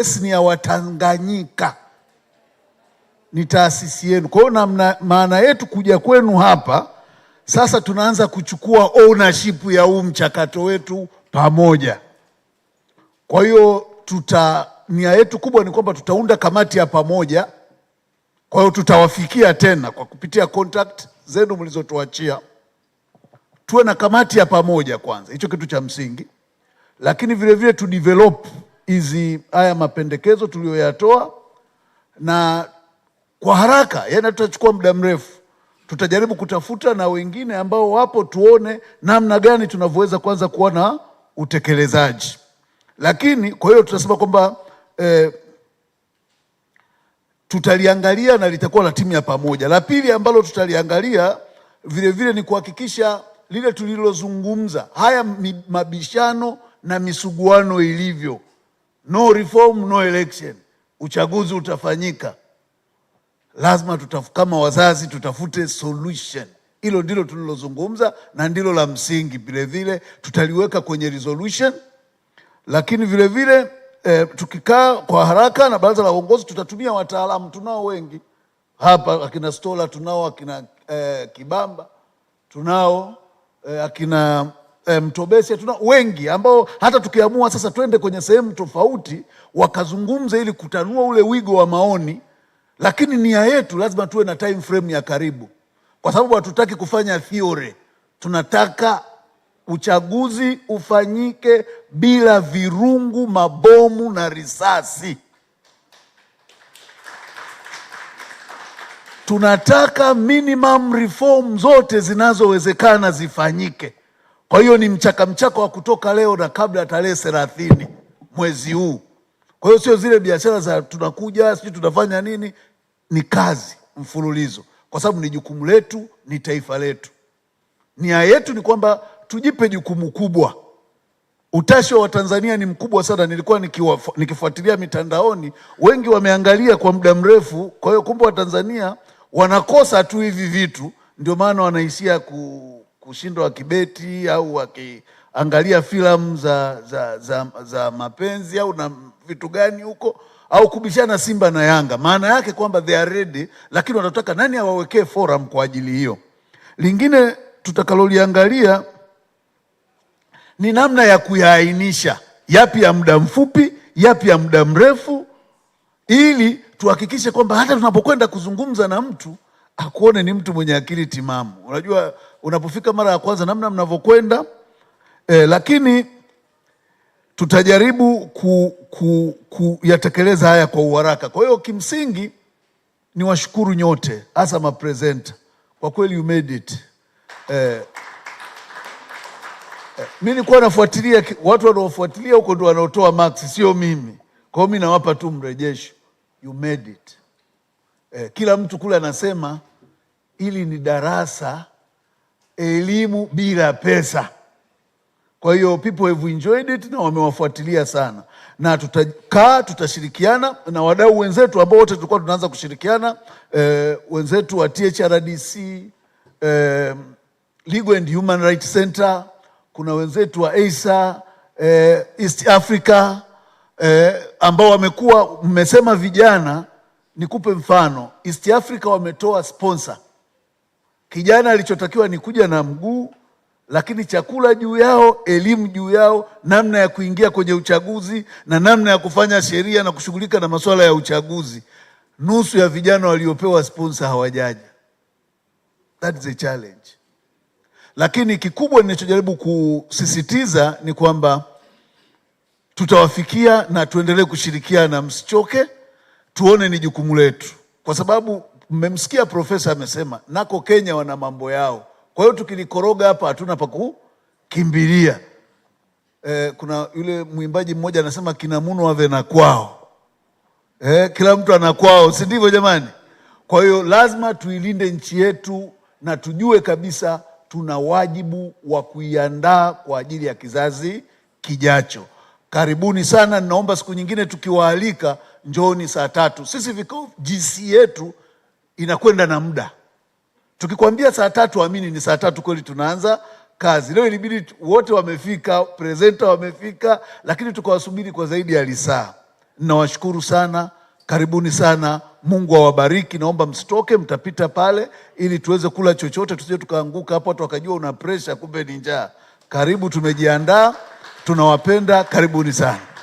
Yesu ni ya Watanganyika, ni taasisi yenu. Kwa hiyo maana yetu kuja kwenu hapa sasa, tunaanza kuchukua ownership ya huu mchakato wetu pamoja. Kwa hiyo tuta, nia yetu kubwa ni kwamba tutaunda kamati ya pamoja. Kwa hiyo tutawafikia tena kwa kupitia contact zenu mlizotuachia, tuwe na kamati ya pamoja kwanza, hicho kitu cha msingi, lakini vilevile tu develop hizi haya mapendekezo tuliyoyatoa, na kwa haraka, yani hatutachukua muda mrefu, tutajaribu kutafuta na wengine ambao wapo, tuone namna gani tunavyoweza kwanza kuwa na utekelezaji. Lakini kwa hiyo tutasema kwamba eh, tutaliangalia na litakuwa la timu ya pamoja. La pili ambalo tutaliangalia vile vile ni kuhakikisha lile tulilozungumza haya mabishano na misuguano ilivyo No reform, no election. Uchaguzi utafanyika, lazima tutafu, kama wazazi tutafute solution. Hilo ndilo tulilozungumza na ndilo la msingi, vilevile tutaliweka kwenye resolution, lakini vilevile eh, tukikaa kwa haraka na baraza la uongozi tutatumia wataalamu. Tunao wengi hapa, akina Stola tunao, akina eh, Kibamba tunao eh, akina Eh, mtobesi tuna wengi ambao hata tukiamua sasa twende kwenye sehemu tofauti wakazungumza ili kutanua ule wigo wa maoni, lakini nia yetu lazima tuwe na time frame ya karibu, kwa sababu hatutaki kufanya theory. Tunataka uchaguzi ufanyike bila virungu, mabomu na risasi. Tunataka minimum reform zote zinazowezekana zifanyike. Kwa hiyo ni mchaka mchaka wa kutoka leo na kabla ya tarehe thelathini mwezi huu. Kwa hiyo sio zile biashara za tunakuja sijui tunafanya nini, ni kazi mfululizo, kwa sababu ni jukumu letu, ni taifa letu. Nia yetu ni kwamba tujipe jukumu kubwa. Utashi wa Watanzania ni mkubwa sana. Nilikuwa nikifuatilia mitandaoni, wengi wameangalia kwa muda mrefu. Kwa hiyo kumbe Watanzania wanakosa tu hivi vitu, ndio maana wanaishia ku kushindwa wakibeti au wakiangalia filamu za, za, za, za mapenzi au na vitu gani huko au kubishana Simba na Yanga. Maana yake kwamba they are ready, lakini wanataka nani awawekee forum kwa ajili hiyo. Lingine tutakaloliangalia ni namna ya kuyaainisha yapi ya muda mfupi, yapi ya muda mrefu, ili tuhakikishe kwamba hata tunapokwenda kuzungumza na mtu akuone ni mtu mwenye akili timamu. Unajua, unapofika mara ya kwanza namna mnavyokwenda eh, lakini tutajaribu kuyatekeleza ku, ku, haya kwa uharaka. Kwa hiyo kimsingi ni washukuru nyote, hasa mapresenta, kwa kweli you made it eh, eh mi nilikuwa nafuatilia watu wanaofuatilia huko ndo wanaotoa maksi, sio mimi. Kwa hiyo mi nawapa tu mrejesho, you made it eh, kila mtu kule anasema hili ni darasa, elimu bila pesa. Kwa hiyo people have enjoyed it na wamewafuatilia sana, na tutakaa tutashirikiana na wadau wenzetu ambao wote tulikuwa tunaanza kushirikiana e, wenzetu wa THRDC e, eh, Legal and Human Rights Center, kuna wenzetu wa ASA e, eh, East Africa e, ambao wamekuwa mmesema vijana. Nikupe mfano, East Africa wametoa sponsor Kijana alichotakiwa ni kuja na mguu, lakini chakula juu yao, elimu juu yao, namna ya kuingia kwenye uchaguzi na namna ya kufanya sheria na kushughulika na masuala ya uchaguzi. Nusu ya vijana waliopewa sponsor hawajaja. That is a challenge. Lakini kikubwa ninachojaribu kusisitiza ni kwamba tutawafikia na tuendelee kushirikiana, msichoke, tuone ni jukumu letu, kwa sababu mmemsikia profesa amesema nako Kenya wana mambo yao, kwa hiyo tukilikoroga hapa hatuna pa kukimbilia. E, kuna yule mwimbaji mmoja anasema kina munu ave na kwao. e, kila mtu ana kwao, si ndivyo jamani? Kwa hiyo lazima tuilinde nchi yetu na tujue kabisa tuna wajibu wa kuiandaa kwa ajili ya kizazi kijacho. Karibuni sana, ninaomba siku nyingine tukiwaalika, njooni saa tatu. Sisi vikao jinsi yetu inakwenda na muda. Tukikwambia saa tatu, amini ni saa tatu kweli tunaanza kazi. Leo ilibidi wote wamefika, presenta wamefika, lakini tukawasubiri kwa zaidi ya lisaa. nawashukuru sana, karibuni sana. Mungu awabariki. Naomba msitoke, mtapita pale ili tuweze kula chochote, tusije tukaanguka hapo watu wakajua una presha, kumbe ni njaa. Karibu, tumejiandaa, tunawapenda, karibuni sana.